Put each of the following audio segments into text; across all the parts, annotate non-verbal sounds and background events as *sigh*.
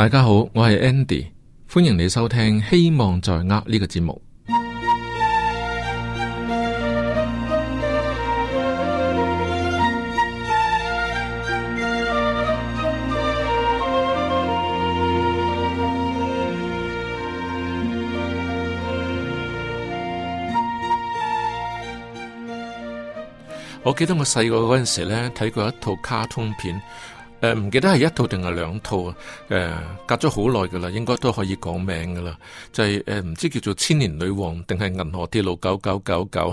大家好，我係 Andy，歡迎你收聽《希望在握》呢個節目。 *music* 我記得我細個嗰陣時呢，睇過一套卡通片。誒，唔記得係一套定係兩套啊？誒、呃，隔咗好耐噶啦，應該都可以講名噶啦，就係、是、誒，唔知叫做《千年女王》定係《銀河鐵路九九九九》，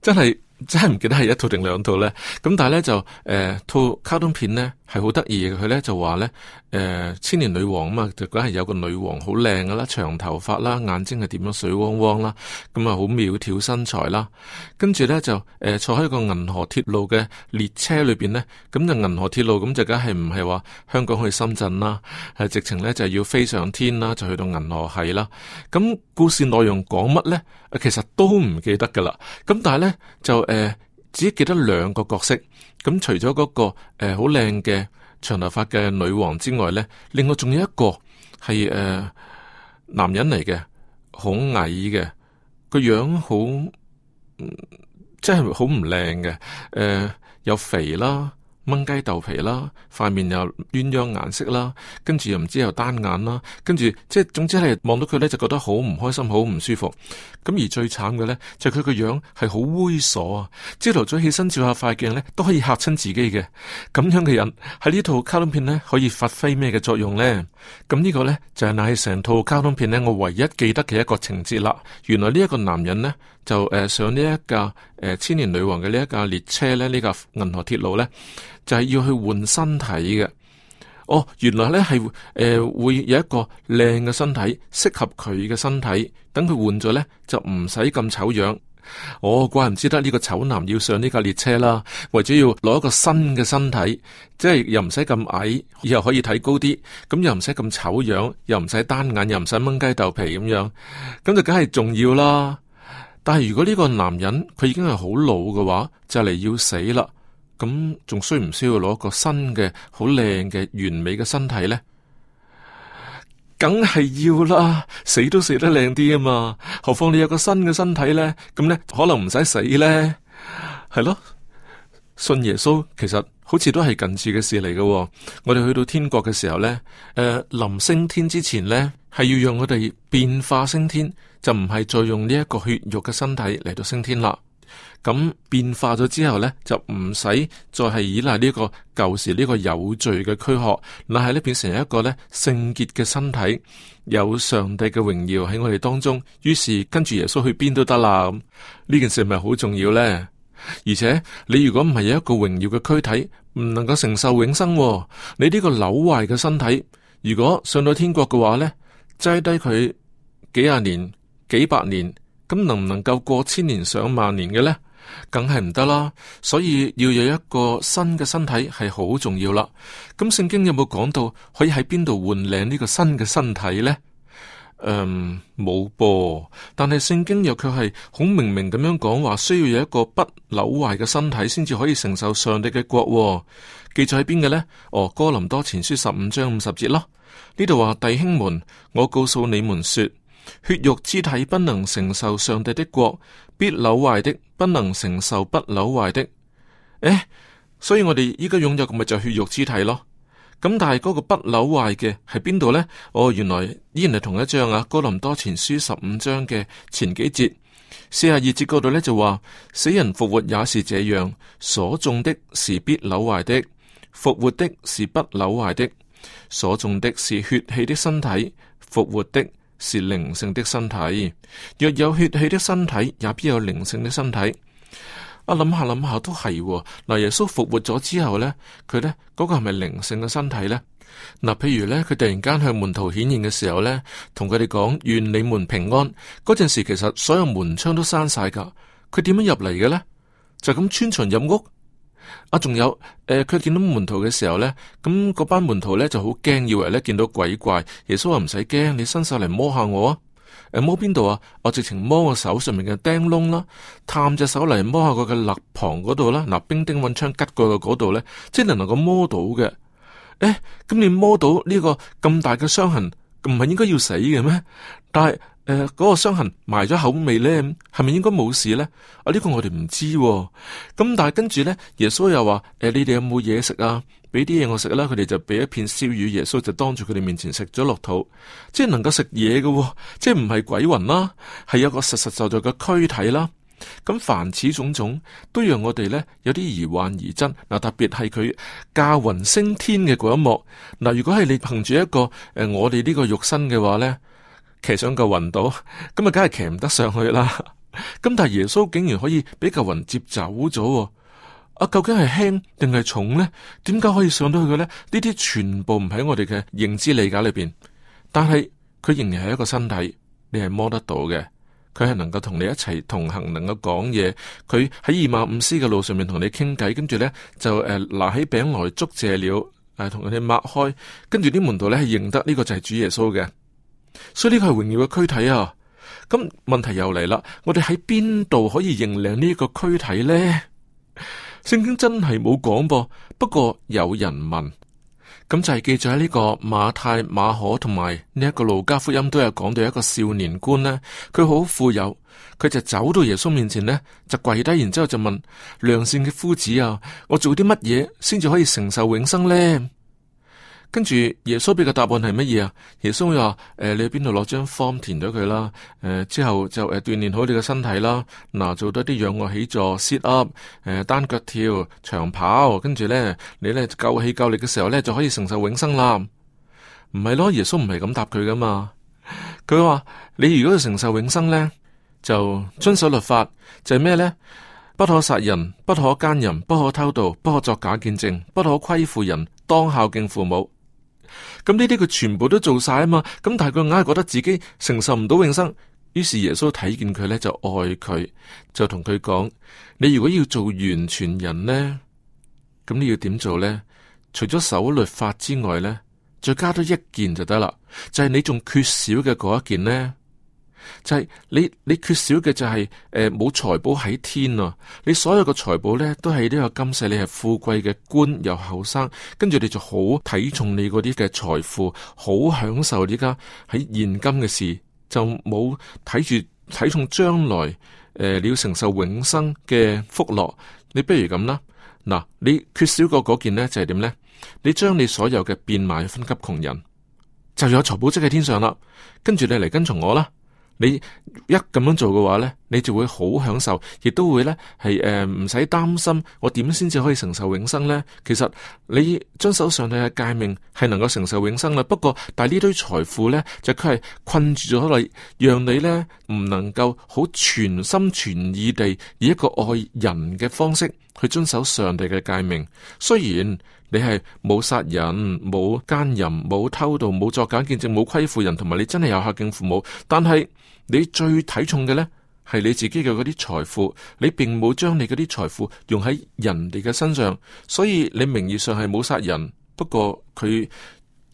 真係真係唔記得係一套定兩套咧。咁但係咧就誒、呃，套卡通片咧。係好得意嘅，佢呢就話呢，誒、呃，千年女王啊嘛，就梗係有個女王好靚噶啦，長頭髮啦，眼睛係點樣水汪汪啦，咁啊好苗條身材啦，跟住呢，就誒、呃、坐喺個銀河鐵路嘅列車裏邊呢，咁就銀河鐵路咁就梗係唔係話香港去深圳啦，係直情呢就要飛上天啦，就去到銀河系啦。咁故事內容講乜呢？其實都唔記得噶啦。咁但係呢，就誒。呃只記得兩個角色，咁除咗嗰個誒好靚嘅長頭髮嘅女王之外咧，另外仲有一個係誒男人嚟嘅，好矮嘅，個樣好，即係好唔靚嘅，誒又肥啦。蚊雞豆皮啦，塊面又鴛鴦顏色啦，跟住又唔知又單眼啦，跟住即係總之係望到佢咧，就覺得好唔開心，好唔舒服。咁而最慘嘅咧，就係佢個樣係好猥瑣啊！朝頭早起身照下塊鏡咧，都可以吓親自己嘅。咁樣嘅人喺呢套卡通片咧，可以發揮咩嘅作用咧？咁呢個咧就係乃成套卡通片咧，我唯一記得嘅一個情節啦。原來呢一個男人咧，就誒、呃、上呢一架。誒，千年女王嘅呢一架列車咧，呢架銀河鐵路咧，就係、是、要去換身體嘅。哦，原來咧係誒會有一個靚嘅身體適合佢嘅身體，等佢換咗咧就唔使咁醜樣。我、哦、怪唔知得呢、呢個醜男要上呢架列車啦，為咗要攞一個新嘅身體，即係又唔使咁矮，又可以睇高啲，咁又唔使咁醜樣，又唔使單眼，又唔使掹雞豆皮咁樣，咁就梗係重要啦。但係如果呢個男人佢已經係好老嘅話，就嚟要死啦，咁仲需唔需要攞個新嘅、好靚嘅、完美嘅身體呢？梗係要啦，死都死得靚啲啊嘛！何況你有個新嘅身體呢？咁呢，可能唔使死呢，係咯？信耶穌其實好似都係近似嘅事嚟嘅。哦，我哋去到天國嘅時候呢，誒、呃，臨升天之前呢，係要讓我哋變化升天。就唔係再用呢一個血肉嘅身體嚟到升天啦。咁變化咗之後呢，就唔使再係依賴呢個舊時呢個有罪嘅軀殼，而係呢變成一個呢聖潔嘅身體，有上帝嘅榮耀喺我哋當中。於是跟住耶穌去邊都得啦。呢件事咪好重要呢？而且你如果唔係有一個榮耀嘅軀體，唔能夠承受永生啊。你呢個扭壞嘅身體，如果上到天國嘅話呢，齋低佢幾廿年。幾百年咁能唔能夠過千年上萬年嘅呢？梗係唔得啦，所以要有一個新嘅身體係好重要啦。咁、嗯、聖經有冇講到可以喺邊度換領呢個新嘅身體呢？嗯，冇噃。但係聖經又卻係好明明咁樣講話，需要有一個不朽壞嘅身體先至可以承受上帝嘅國。哦，記載喺邊嘅呢？哦，哥林多前書十五章五十節咯。呢度話弟兄們，我告訴你們說。血肉之體不能承受上帝的國，必朽壞的不能承受不朽壞的。誒，所以我哋依家擁有嘅咪就血肉之體咯。咁但係嗰個不朽壞嘅係邊度呢？哦，原來依然係同一章啊，《哥林多前書》十五章嘅前幾節四十二節嗰度呢，就話，死人復活也是這樣，所種的是必朽壞的，復活的是不朽壞的。所種的是血氣的身體，復活的。是靈性的身體，若有血氣的身體，也必有靈性的身體。我諗下諗下都係嗱，耶穌復活咗之後呢，佢呢嗰、嗰個係咪靈性嘅身體呢？嗱、啊，譬如呢，佢突然間向門徒顯現嘅時候呢，同佢哋講，願你們平安。嗰陣時其實所有門窗都閂晒噶，佢點樣入嚟嘅呢？就咁穿牆入屋。啊，仲有誒，佢、呃、見到門徒嘅時候咧，咁、嗯、嗰班門徒咧就好驚，以為咧見到鬼怪。耶穌話唔使驚，你伸手嚟摸下我啊，誒、啊、摸邊度啊？我直情摸我手上面嘅釘窿啦，探隻手嚟摸下佢嘅肋旁嗰度啦。嗱、啊，兵丁揾槍吉過去嗰度咧，即係能夠摸到嘅。誒、欸，咁你摸到呢個咁大嘅傷痕，唔係應該要死嘅咩？但係。誒，嗰、呃那個傷痕埋咗口味呢，係咪應該冇事呢？啊，呢、這個我哋唔知、哦，咁、嗯、但係跟住呢，耶穌又話：誒、呃，你哋有冇嘢食啊？俾啲嘢我食啦。佢哋就俾一片燒魚，耶穌就當住佢哋面前食咗落肚，即係能夠食嘢嘅，即係唔係鬼魂啦，係有個實實在在嘅軀體啦。咁、嗯、凡此種種，都讓我哋呢有啲疑幻疑真。嗱、呃，特別係佢駕雲升天嘅嗰一幕。嗱、呃，如果係你憑住一個誒、呃，我哋呢個肉身嘅話呢。騎上嚿雲島，咁啊，梗係騎唔得上去啦。咁但係耶穌竟然可以俾嚿雲接走咗，啊，究竟係輕定係重呢？點解可以上到去嘅咧？呢啲全部唔喺我哋嘅認知理解裏邊，但係佢仍然係一個身體，你係摸得到嘅，佢係能夠同你一齊同行，能夠講嘢，佢喺以馬忤斯嘅路上面同你傾偈，跟住咧就誒拿起餅來祝謝了，誒同佢哋擘開，跟住啲門徒咧係認得呢個就係主耶穌嘅。所以呢個係榮耀嘅軀體啊！咁、啊、問題又嚟啦，我哋喺邊度可以認領呢個軀體呢？聖經真係冇講噃，不過有人問，咁、啊、就係、是、記住喺呢個馬太、馬可同埋呢一個路加福音，都有講到一個少年官呢。佢好富有，佢就走到耶穌面前呢，就跪低，然之後就問「良善嘅夫子啊，我做啲乜嘢先至可以承受永生呢？」跟住耶穌俾嘅答案係乜嘢啊？耶穌會話：誒、呃，你去邊度攞張 form 填咗佢啦？誒、呃，之後就誒鍛煉好你嘅身體啦。嗱，做多啲仰臥起坐、sit up，誒、呃、單腳跳、長跑。跟住咧，你咧夠氣夠力嘅時候咧，就可以承受永生啦。唔係咯？耶穌唔係咁答佢噶嘛？佢話：你如果要承受永生咧，就遵守律法。就係咩咧？不可殺人，不可姦淫，不可偷盜，不可作假見證，不可虧負人，當孝敬父母。咁呢啲佢全部都做晒啊嘛，咁但係佢硬係覺得自己承受唔到永生，於是耶穌睇見佢呢，就愛佢，就同佢講：你如果要做完全人呢，咁你要點做呢？除咗守律法之外呢，再加多一件就得啦，就係你仲缺少嘅嗰一件呢。就係你，你缺少嘅就係、是、誒，冇財寶喺天咯、啊。你所有嘅財寶咧，都係呢個今世。你係富貴嘅官，又後生，跟住你就好睇重你嗰啲嘅財富，好享受呢家喺現今嘅事，就冇睇住睇重將來誒、呃，你要承受永生嘅福樂。你不如咁啦，嗱，你缺少過嗰件呢，就係、是、點呢？你將你所有嘅變賣分給窮人，就有財寶積喺天上啦。跟住你嚟跟從我啦。你一咁樣做嘅話呢，你就會好享受，亦都會呢係誒唔使擔心我點先至可以承受永生呢。其實你遵守上帝嘅誡命係能夠承受永生啦。不過，但係呢堆財富呢，就佢，是，係困住咗你，讓你呢唔能夠好全心全意地以一個愛人嘅方式去遵守上帝嘅誡命。雖然。你係冇殺人、冇奸淫、冇偷盜、冇作假見證，冇虧負人，同埋你真係有孝敬父母。但係你最睇重嘅呢係你自己嘅嗰啲財富。你並冇將你嗰啲財富用喺人哋嘅身上，所以你名義上係冇殺人，不過佢。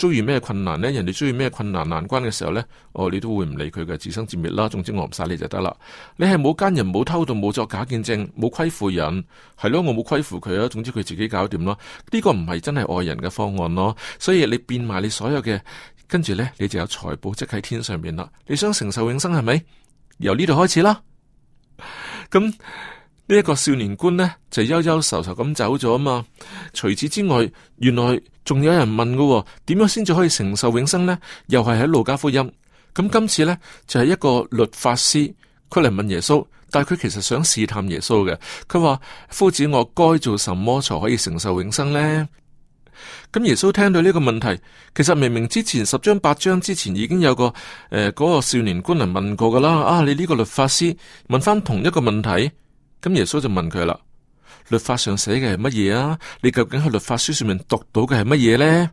遭遇咩困難呢？人哋遭遇咩困難難關嘅時候呢？我、哦、你都會唔理佢嘅自生自滅啦。總之我唔殺你就得啦。你係冇奸人，冇偷盜，冇作假見證，冇虧負人，係咯，我冇虧負佢啊。總之佢自己搞掂啦。呢個唔係真係愛人嘅方案咯，所以你變埋你所有嘅跟住呢，你就有財寶即喺天上面啦。你想承受永生係咪？由呢度開始啦，咁。呢一個少年官呢，就悠悠愁愁咁走咗啊嘛！除此之外，原來仲有人問噶，點樣先至可以承受永生呢？又係喺路加福音咁，今次呢，就係、是、一個律法師，佢嚟問耶穌，但係佢其實想試探耶穌嘅。佢話：「夫子，我該做什麼才可以承受永生呢？」咁耶穌聽到呢個問題，其實明明之前十章八章之前已經有個誒嗰、呃那個少年官嚟問過噶啦。啊，你呢個律法師問翻同一個問題。咁耶穌就問佢啦，「律法上寫嘅係乜嘢啊？你究竟喺律法書上面讀到嘅係乜嘢呢？」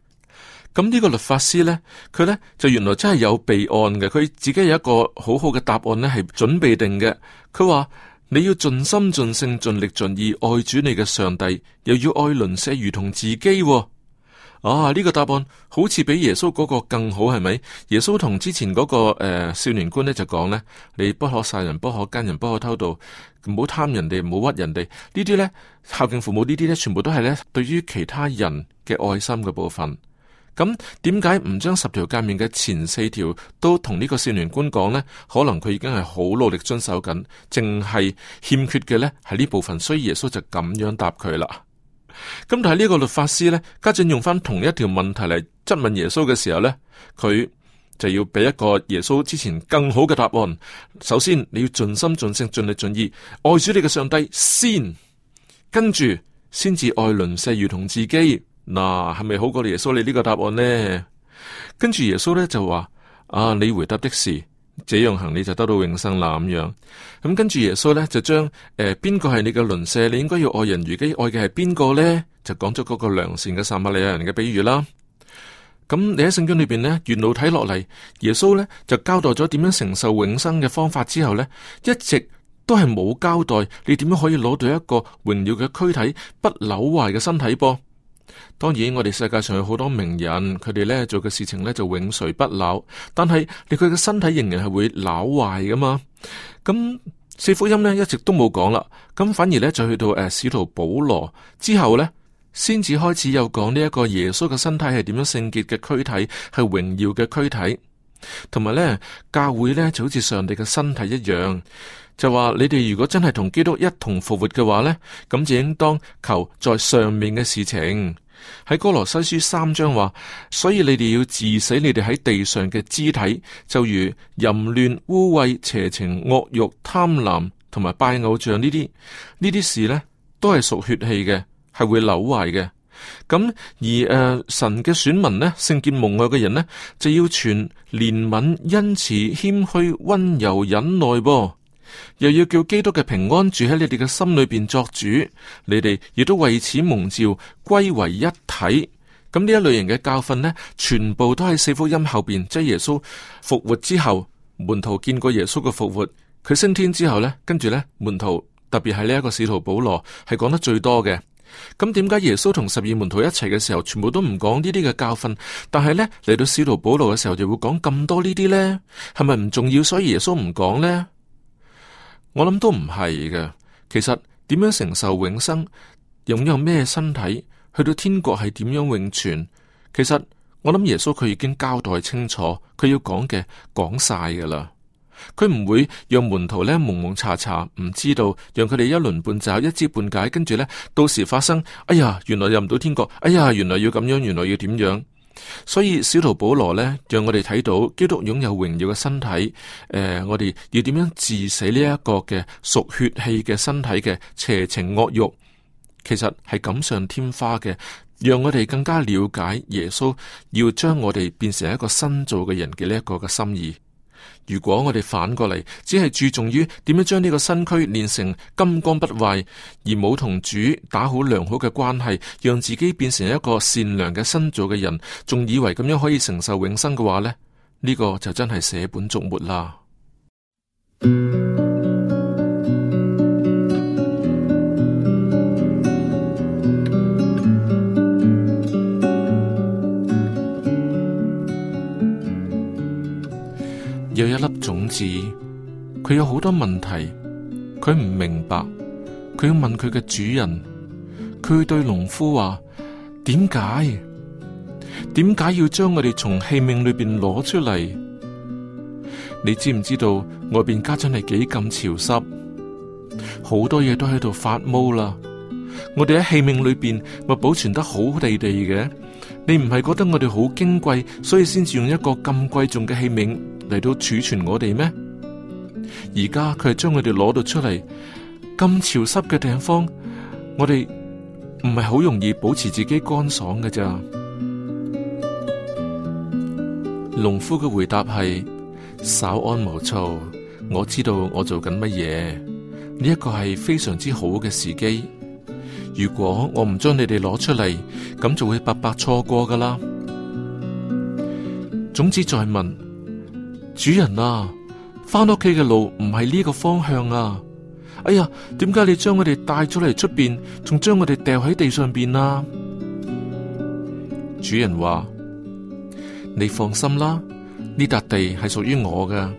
咁呢個律法師呢，佢呢就原來真係有備案嘅，佢自己有一個好好嘅答案呢係準備定嘅。佢話你要盡心盡性盡力盡意愛主你嘅上帝，又要愛鄰舍如同自己喎。啊！呢、這個答案好似比耶穌嗰個更好係咪？耶穌同之前嗰、那個誒、呃、少年官呢，就講呢：「你不可殺人，不可奸人，不可偷盜，唔好貪人哋，唔好屈人哋。呢啲呢，孝敬父母呢啲呢，全部都係呢對於其他人嘅愛心嘅部分。咁點解唔將十條誡命嘅前四條都同呢個少年官講呢？可能佢已經係好努力遵守緊，淨係欠缺嘅呢係呢部分，所以耶穌就咁樣答佢啦。咁但係呢個律法師呢，家陣用翻同一條問題嚟質問耶穌嘅時候呢，佢就要俾一個耶穌之前更好嘅答案。首先你要盡心盡性盡力盡意愛主你嘅上帝先，跟住先至愛鄰舍如同自己。嗱，係咪好過耶穌你呢個答案呢？跟住耶穌呢，就話：啊，你回答的是。這樣行李就得到永生啦。咁樣，咁跟住耶穌呢，就將誒，邊個係你嘅鄰舍，你應該要愛人如己，愛嘅係邊個呢？就講咗嗰個良善嘅撒瑪利亞人嘅比喻啦。咁你喺聖經裏邊呢，沿路睇落嚟，耶穌呢，就交代咗點樣承受永生嘅方法之後呢，一直都係冇交代你點樣可以攞到一個榮耀嘅軀體，不朽壞嘅身體噃。當然，我哋世界上有好多名人，佢哋呢，做嘅事情呢就永垂不朽，但係你佢嘅身體仍然係會朽壞噶嘛。咁四福音呢一直都冇講啦，咁反而呢，就去到誒、啊、使徒保羅之後呢，先至開始有講呢一個耶穌嘅身體係點樣聖潔嘅軀體，係榮耀嘅軀體，同埋呢，教會呢就好似上帝嘅身體一樣。就話你哋如果真係同基督一同復活嘅話呢，咁就應當求在上面嘅事情。喺哥羅西書三章話所以你哋要治死，你哋喺地上嘅肢體就如淫亂、污穢、邪情、惡慾、貪婪同埋拜偶像，呢啲呢啲事呢都係屬血氣嘅，係會扭壞嘅。咁而誒、呃、神嘅選民呢，聖潔蒙愛嘅人呢，就要傳憐憫、恩慈、謙虛、溫柔、忍耐噃。又要叫基督嘅平安住喺你哋嘅心裏邊作主，你哋亦都為此蒙召歸為一體。咁呢一類型嘅教訓呢，全部都喺四福音後邊，即係耶穌復活之後，門徒見過耶穌嘅復活，佢升天之後呢，跟住呢門徒特別係呢一個使徒保羅係講得最多嘅。咁點解耶穌同十二門徒一齊嘅時候，全部都唔講呢啲嘅教訓，但係呢，嚟到使徒保羅嘅時候，就會講咁多呢啲呢？係咪唔重要？所以耶穌唔講呢？我諗都唔係嘅。其實點樣承受永生，擁有咩身體，去到天國係點樣永存？其實我諗耶穌佢已經交代清楚，佢要講嘅講晒㗎喇，佢唔會讓門徒呢懵懵查查，唔知道，讓佢哋一鱗半爪，一知半解，跟住呢，到時發生，哎呀，原來入唔到天國，哎呀，原來要咁樣，原來要點樣。所以使徒保羅呢，讓我哋睇到基督擁有榮耀嘅身體，誒、呃，我哋要點樣治死呢一個嘅屬血氣嘅身體嘅邪情惡慾，其實係錦上添花嘅，讓我哋更加了解耶穌要將我哋變成一個新造嘅人嘅呢一個嘅心意。如果我哋反過嚟，只係注重於點樣將呢個身軀練成金剛不壞，而冇同主打好良好嘅關係，讓自己變成一個善良嘅新造嘅人，仲以為咁樣可以承受永生嘅話呢呢，呢個就真係捨本逐末啦。種子，佢有好多問題，佢唔明白，佢要問佢嘅主人，佢對農夫話：點解？點解要將我哋從器皿裏邊攞出嚟？你知唔知道外邊家陣係幾咁潮濕？好多嘢都喺度發毛啦！我哋喺器皿裏邊，咪保存得好地地嘅。你唔係覺得我哋好矜貴，所以先至用一個咁貴重嘅器皿？嚟到儲存我哋咩？而家佢係將我哋攞到出嚟咁潮濕嘅地方，我哋唔係好容易保持自己乾爽嘅咋。農 *noise* 夫嘅回答係：稍 *noise* 安勿躁，我知道我做緊乜嘢。呢、這、一個係非常之好嘅時機。如果我唔將你哋攞出嚟，咁就會白白錯過噶啦。種子再問。主人啊，返屋企嘅路唔係呢個方向啊！哎呀，點解你將我哋帶咗嚟？出邊，仲將我哋掉喺地上邊啊？主人話：你放心啦，呢笪地係屬於我嘅。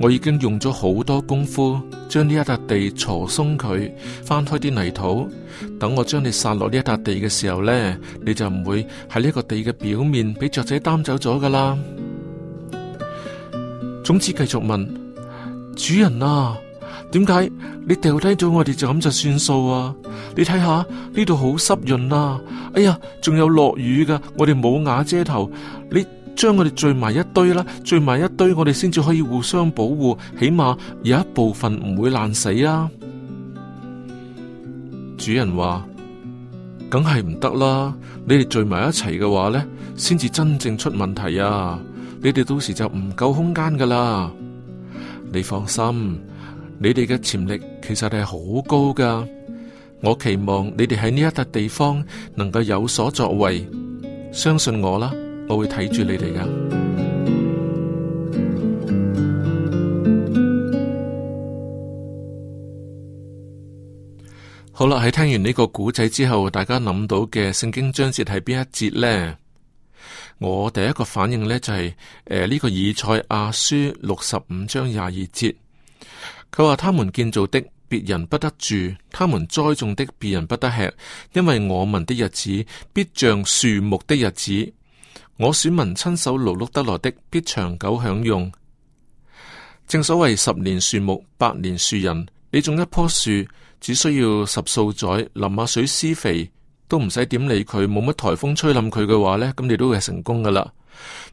我已經用咗好多功夫，將呢一笪地鋤鬆佢，翻開啲泥土，等我將你撒落呢一笪地嘅時候咧，你就唔會喺呢個地嘅表面俾雀仔擔走咗噶啦。總之，繼續問主人啊，點解你掉低咗我哋就咁就算數啊？你睇下呢度好濕潤啊。哎呀，仲有落雨噶，我哋冇瓦遮頭。你將我哋聚埋一堆啦，聚埋一堆，我哋先至可以互相保護，起碼有一部分唔會爛死啊！主人話：梗係唔得啦，你哋聚埋一齊嘅話咧，先至真正出問題啊！你哋到時就唔夠空間噶啦，你放心，你哋嘅潛力其實係好高噶。我期望你哋喺呢一笪地方能夠有所作為，相信我啦，我會睇住你哋噶。好啦，喺聽完呢個古仔之後，大家諗到嘅聖經章節係邊一節呢？我第一個反應呢，就係、是，誒、呃、呢、這個以賽亞書六十五章廿二節，佢話：他們建造的，別人不得住；他們栽種的，別人不得吃，因為我民的日子必像樹木的日子，我選民親手勞碌得來的，必長久享用。正所謂十年樹木，百年樹人。你種一棵樹，只需要十數載淋下水、施肥。都唔使點理佢，冇乜台風吹冧佢嘅話呢，咁你都會係成功噶啦。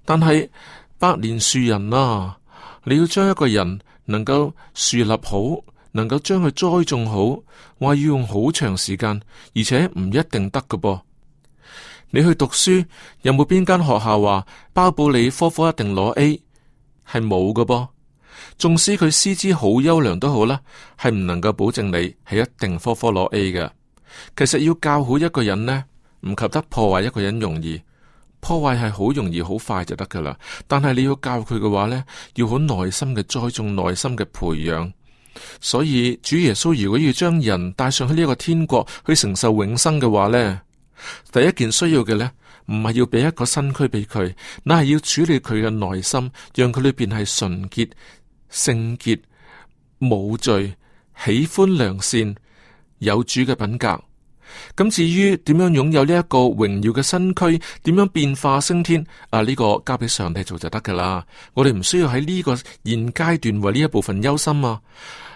但係百年樹人啊，你要將一個人能夠樹立好，能夠將佢栽種好，話要用好長時間，而且唔一定得嘅噃。你去讀書有冇邊間學校話包保你科科一定攞 A？係冇嘅噃。縱使佢師資好優良都好啦，係唔能夠保證你係一定科科攞 A 嘅。其實要教好一個人呢，唔及得破壞一個人容易，破壞係好容易好快就得噶啦。但係你要教佢嘅話呢，要好耐心嘅栽種，耐心嘅培養。所以主耶穌如果要將人帶上去呢個天國去承受永生嘅話呢，第一件需要嘅呢，唔係要俾一個身軀俾佢，乃係要處理佢嘅內心，讓佢裏邊係純潔、聖潔、無罪、喜歡良善。有主嘅品格，咁至於點樣擁有呢一個榮耀嘅身軀，點樣變化升天啊？呢個交俾上帝做就得噶啦。我哋唔需要喺呢個現階段為呢一部分憂心啊！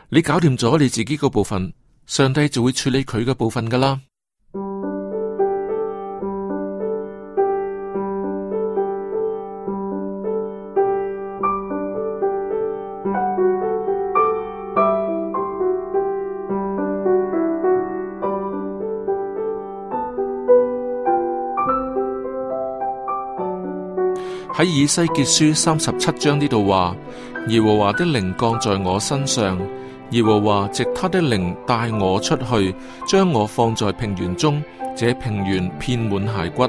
你搞掂咗你自己個部分，上帝就會處理佢嘅部分噶啦。喺以西結書三十七章呢度話，耶和華的靈降在我身上，耶和華藉他的靈帶我出去，將我放在平原中，這平原遍滿骸骨。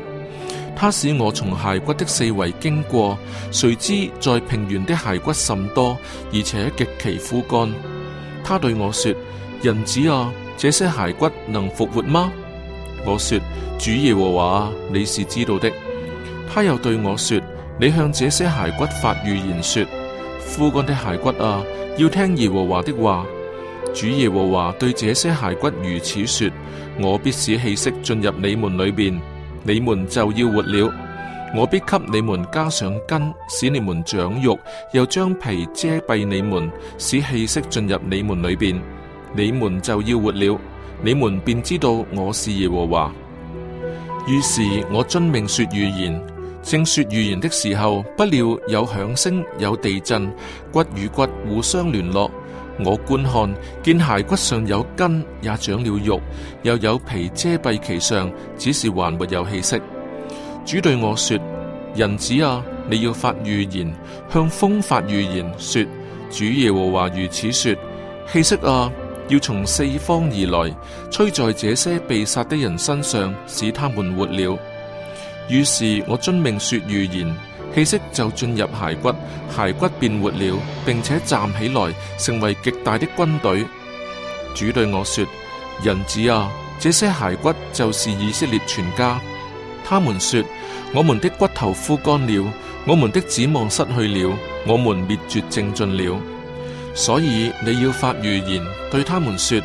他使我從骸骨的四圍經過，誰知在平原的骸骨甚多，而且極其枯乾。他對我說：人子啊，這些骸骨能復活嗎？我說：主耶和華，你是知道的。他又對我說：你向這些骸骨發預言說：枯乾的骸骨啊，要聽耶和華的話。主耶和華對這些骸骨如此說：我必使氣息進入你們裏面，你們就要活了。我必給你們加上筋，使你們長肉，又將皮遮蔽你們，使氣息進入你們裏面，你們就要活了。你們便知道我是耶和華。於是，我遵命說預言。正說預言的時候，不料有響聲，有地震，骨與骨互相聯絡。我觀看，見骸骨上有筋，也長了肉，又有皮遮蔽其上，只是還沒有氣息。主對我說：人子啊，你要發預言，向風發預言，說主耶和華如此說：氣息啊，要從四方而來，吹在這些被殺的人身上，使他們活了。於是我遵命說預言，氣息就進入骸骨，骸骨便活了，並且站起來，成為極大的軍隊。主對我說：人子啊，這些骸骨就是以色列全家。他們說：我們的骨頭枯乾了，我們的指望失去了，我們滅絕正盡了。所以你要發預言，對他們說：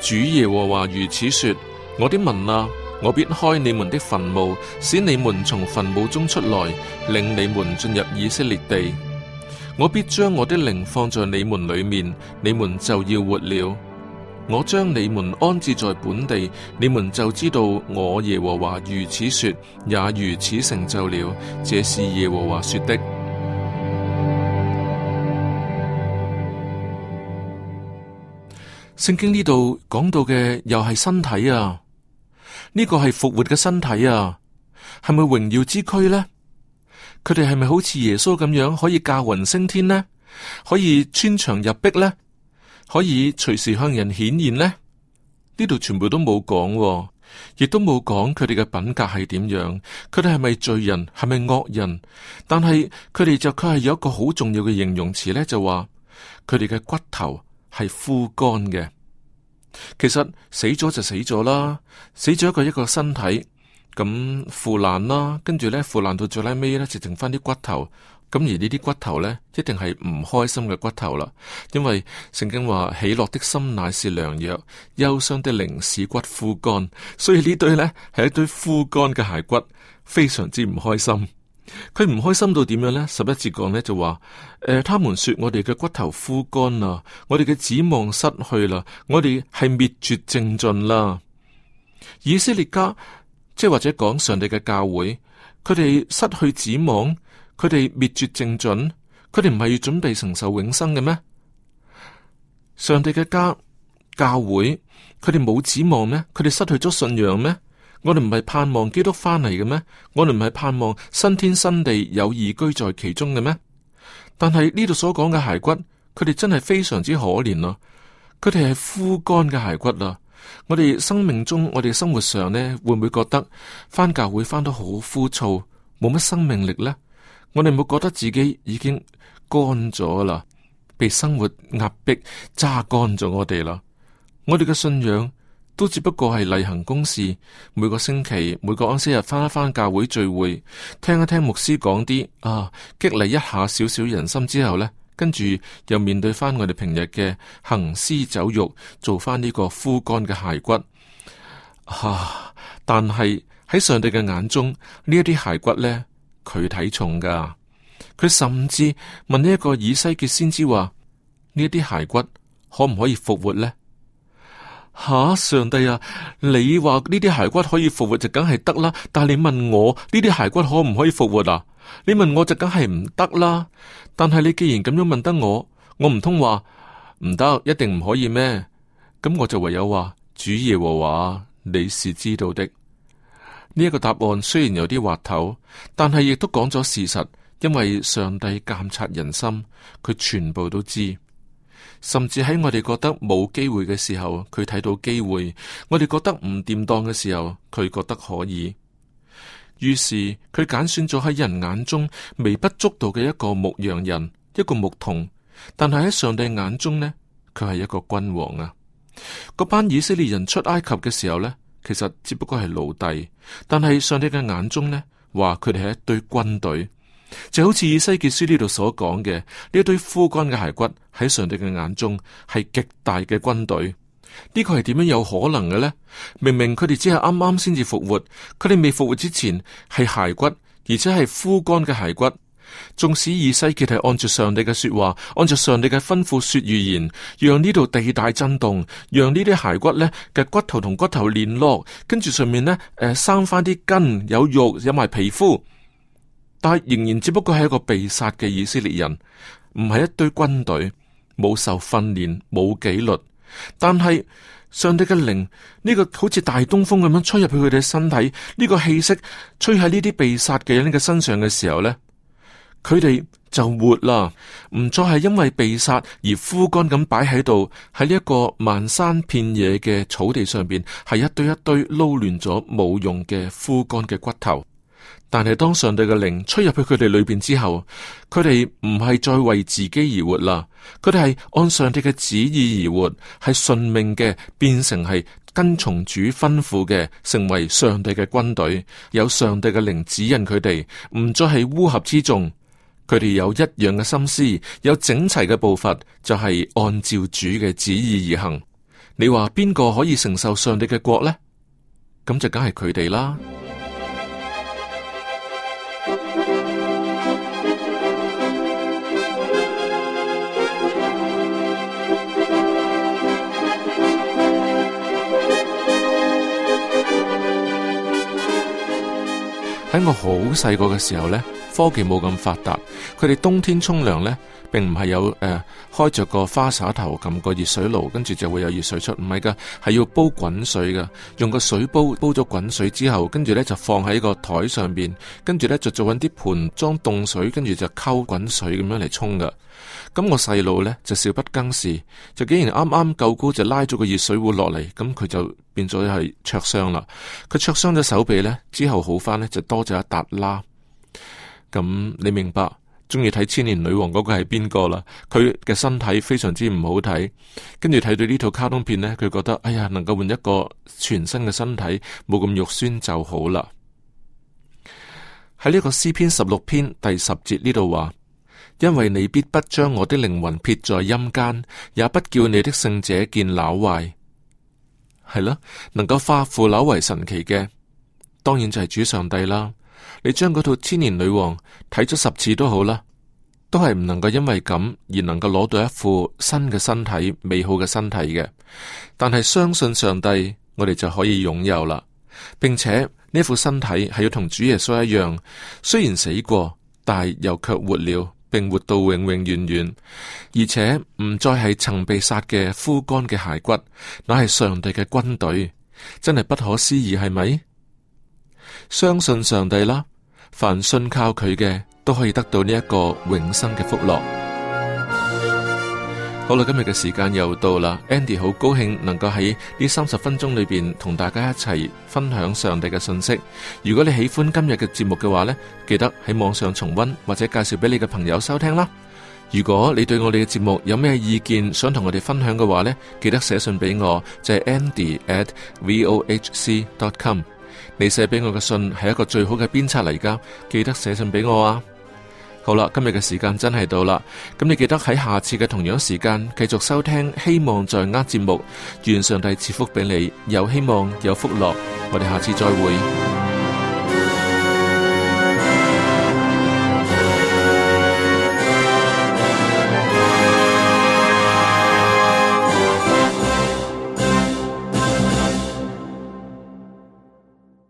主耶和華如此說：我的民啊！我必開你們的墳墓，使你們從墳墓中出來，領你們進入以色列地。我必將我的靈放在你們裏面，你們就要活了。我將你們安置在本地，你們就知道我耶和華如此說，也如此成就了。這是耶和華說的。聖經呢度講到嘅又係身體啊。呢個係復活嘅身體啊，係咪榮耀之軀呢？佢哋係咪好似耶穌咁樣可以駕雲升天呢？可以穿牆入壁呢？可以隨時向人顯現呢？呢度全部都冇講喎，亦都冇講佢哋嘅品格係點樣，佢哋係咪罪人，係咪惡人？但係佢哋就佢係有一個好重要嘅形容詞咧，就話佢哋嘅骨頭係枯乾嘅。其實死咗就死咗啦，死咗一個一個身體，咁腐爛啦，跟住呢，腐爛到最拉尾呢，就剩翻啲骨頭，咁而呢啲骨頭呢，一定係唔開心嘅骨頭啦，因為聖經話喜樂的心乃是良藥，憂傷的靈使骨枯乾，所以呢對呢，係一堆枯乾嘅骸骨，非常之唔開心。佢唔開心到點樣呢？十一節講呢就話，誒、呃，他們說我哋嘅骨頭枯乾啦，我哋嘅指望失去啦，我哋係滅絕正盡啦。以色列家，即係或者講上帝嘅教會，佢哋失去指望，佢哋滅絕正盡，佢哋唔係要準備承受永生嘅咩？上帝嘅家教會，佢哋冇指望咩？佢哋失去咗信仰咩？我哋唔係盼望基督翻嚟嘅咩？我哋唔係盼望新天新地有義居在其中嘅咩？但係呢度所講嘅骸骨，佢哋真係非常之可憐咯。佢哋係枯乾嘅骸骨啦。我哋生命中，我哋生活上呢，會唔會覺得翻教會翻到好枯燥，冇乜生命力呢？我哋冇覺得自己已經乾咗啦？被生活壓迫，榨乾咗我哋啦？我哋嘅信仰。都只不過係例行公事，每個星期每個安息日翻一翻教會聚會，聽一聽牧師講啲啊，激勵一下少少人心之後呢，跟住又面對翻我哋平日嘅行屍走肉，做翻呢個枯乾嘅骸骨。啊！但係喺上帝嘅眼中，呢一啲骸骨呢，佢睇重噶。佢甚至問呢一個以西結先知話：「呢一啲骸骨可唔可以復活呢？」吓！上帝啊，你話呢啲骸骨可以復活就梗係得啦，但係你問我呢啲骸骨可唔可以復活啊？你問我就梗係唔得啦。但係你既然咁樣問得我，我唔通話唔得，一定唔可以咩？咁我就唯有話主耶和華，你是知道的。呢一個答案雖然有啲滑頭，但係亦都講咗事實，因為上帝監察人心，佢全部都知。甚至喺我哋覺得冇機會嘅時候，佢睇到機會；我哋覺得唔掂當嘅時候，佢覺得可以。於是佢揀選咗喺人眼中微不足道嘅一個牧羊人，一個牧童，但係喺上帝眼中呢，佢係一個君王啊！嗰班以色列人出埃及嘅時候呢，其實只不過係奴隸，但係上帝嘅眼中呢，話佢哋係一隊軍隊。就好似以西結書呢度所講嘅呢堆枯乾嘅骸骨，喺上帝嘅眼中係極大嘅軍隊。呢個係點樣有可能嘅呢？明明佢哋只係啱啱先至復活，佢哋未復活之前係骸骨，而且係枯乾嘅骸骨。縱使以西結係按照上帝嘅說話，按照上帝嘅吩咐說預言，讓呢度地帶震動，讓呢啲骸骨呢嘅骨頭同骨頭聯絡，跟住上面呢，誒，生翻啲筋、有肉有埋皮膚。但仍然只不過係一個被殺嘅以色列人，唔係一堆軍隊，冇受訓練，冇紀律。但係上帝嘅靈呢個好似大東風咁樣吹入去佢哋身體，呢個氣息吹喺呢啲被殺嘅人嘅身上嘅時候呢，佢哋就活啦，唔再係因為被殺而枯乾咁擺喺度，喺呢一個漫山遍野嘅草地上邊，係一堆一堆撈亂咗冇用嘅枯乾嘅骨頭。但係當上帝嘅靈吹入去佢哋裏面之後，佢哋唔係再為自己而活啦，佢哋係按上帝嘅旨意而活，係順命嘅，變成係跟從主吩咐嘅，成為上帝嘅軍隊，有上帝嘅靈指引佢哋，唔再係烏合之眾，佢哋有一樣嘅心思，有整齊嘅步伐，就係按照主嘅旨意而行。你話邊個可以承受上帝嘅國呢？咁就梗係佢哋啦。喺我好細個嘅時候呢。科技冇咁發達，佢哋冬天沖涼呢，並唔係有誒、呃、開着個花灑頭撳個熱水爐，跟住就會有熱水出。唔係噶，係要煲滾水噶，用個水煲煲咗滾水之後，跟住呢就放喺個台上邊，跟住呢就做揾啲盆裝凍水，跟住就溝滾水咁樣嚟沖噶。咁個細路呢，就少不更事，就竟然啱啱夠高就拉咗個熱水壺落嚟，咁佢就變咗係灼傷啦。佢灼傷咗手臂呢，之後好返呢，就多咗一笪啦。咁、嗯、你明白，中意睇千年女王嗰個係邊個啦？佢嘅身體非常之唔好睇，跟住睇到呢套卡通片呢，佢覺得哎呀，能夠換一個全新嘅身體，冇咁肉酸就好啦。喺呢個詩篇十六篇第十節呢度話：因為你必不將我的靈魂撇在陰間，也不叫你的聖者見朽壞。係啦，能夠化腐朽為神奇嘅，當然就係主上帝啦。你將嗰套千年女王睇咗十次都好啦，都係唔能夠因為咁而能夠攞到一副新嘅身體、美好嘅身體嘅。但係相信上帝，我哋就可以擁有啦，並且呢副身體係要同主耶穌一樣，雖然死過，但又卻活了，並活到永永遠遠，而且唔再係曾被殺嘅枯乾嘅骸骨，乃係上帝嘅軍隊，真係不可思議，係咪？相信上帝啦！凡信靠佢嘅，都可以得到呢一個永生嘅福樂。好啦，今日嘅時間又到啦，Andy 好高興能夠喺呢三十分鐘裏邊同大家一齊分享上帝嘅信息。如果你喜歡今日嘅節目嘅話呢，記得喺網上重溫或者介紹俾你嘅朋友收聽啦。如果你對我哋嘅節目有咩意見，想同我哋分享嘅話呢，記得寫信俾我，就係 andy@vohc.com。你寫俾我嘅信係一個最好嘅鞭策嚟噶，記得寫信俾我啊！好啦，今日嘅時間真係到啦，咁你記得喺下次嘅同樣時間繼續收聽《希望在握》節目，願上帝賜福俾你，有希望有福樂。我哋下次再會。